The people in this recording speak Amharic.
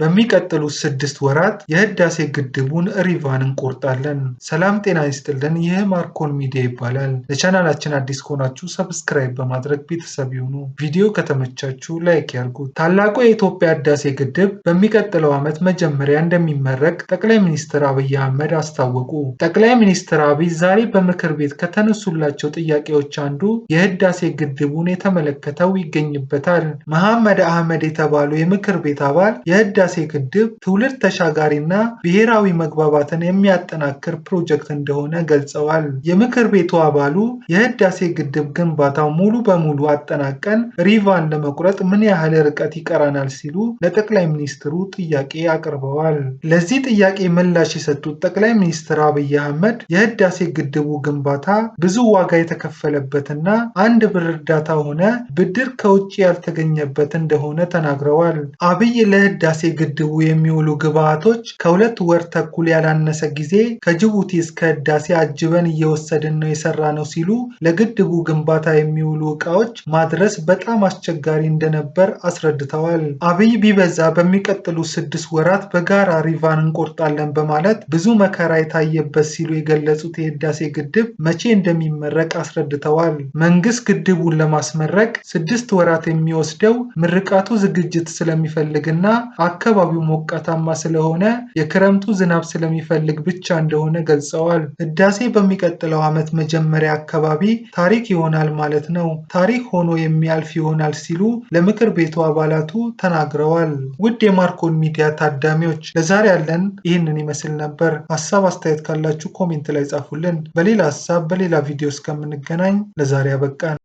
በሚቀጥሉት ስድስት ወራት የህዳሴ ግድቡን ሪቫን እንቆርጣለን። ሰላም ጤና ይስጥልን። ይህ ማርኮን ሚዲያ ይባላል። ለቻናላችን አዲስ ከሆናችሁ ሰብስክራይብ በማድረግ ቤተሰብ ይሁኑ። ቪዲዮ ከተመቻችሁ ላይክ ያርጉት። ታላቁ የኢትዮጵያ ህዳሴ ግድብ በሚቀጥለው ዓመት መጀመሪያ እንደሚመረቅ ጠቅላይ ሚኒስትር አብይ አህመድ አስታወቁ። ጠቅላይ ሚኒስትር አብይ ዛሬ በምክር ቤት ከተነሱላቸው ጥያቄዎች አንዱ የህዳሴ ግድቡን የተመለከተው ይገኝበታል። መሐመድ አህመድ የተባሉ የምክር ቤት አባል የህዳ የህዳሴ ግድብ ትውልድ ተሻጋሪና ብሔራዊ መግባባትን የሚያጠናክር ፕሮጀክት እንደሆነ ገልጸዋል። የምክር ቤቱ አባሉ የህዳሴ ግድብ ግንባታው ሙሉ በሙሉ አጠናቀን ሪቫን ለመቁረጥ ምን ያህል ርቀት ይቀራናል ሲሉ ለጠቅላይ ሚኒስትሩ ጥያቄ አቅርበዋል። ለዚህ ጥያቄ ምላሽ የሰጡት ጠቅላይ ሚኒስትር አብይ አህመድ የህዳሴ ግድቡ ግንባታ ብዙ ዋጋ የተከፈለበትና አንድ ብር እርዳታ ሆነ ብድር ከውጭ ያልተገኘበት እንደሆነ ተናግረዋል። አብይ ለህዳሴ ግድቡ የሚውሉ ግብዓቶች ከሁለት ወር ተኩል ያላነሰ ጊዜ ከጅቡቲ እስከ ህዳሴ አጅበን እየወሰድን ነው የሰራ ነው ሲሉ ለግድቡ ግንባታ የሚውሉ እቃዎች ማድረስ በጣም አስቸጋሪ እንደነበር አስረድተዋል። አብይ ቢበዛ በሚቀጥሉ ስድስት ወራት በጋራ ሪቫን እንቆርጣለን በማለት ብዙ መከራ የታየበት ሲሉ የገለጹት የህዳሴ ግድብ መቼ እንደሚመረቅ አስረድተዋል። መንግስት ግድቡን ለማስመረቅ ስድስት ወራት የሚወስደው ምርቃቱ ዝግጅት ስለሚፈልግና አካባቢው ሞቃታማ ስለሆነ የክረምቱ ዝናብ ስለሚፈልግ ብቻ እንደሆነ ገልጸዋል። ህዳሴ በሚቀጥለው ዓመት መጀመሪያ አካባቢ ታሪክ ይሆናል ማለት ነው። ታሪክ ሆኖ የሚያልፍ ይሆናል ሲሉ ለምክር ቤቱ አባላቱ ተናግረዋል። ውድ የማርኮን ሚዲያ ታዳሚዎች ለዛሬ ያለን ይህንን ይመስል ነበር። ሀሳብ አስተያየት ካላችሁ ኮሜንት ላይ ጻፉልን። በሌላ ሀሳብ በሌላ ቪዲዮ እስከምንገናኝ ለዛሬ አበቃን።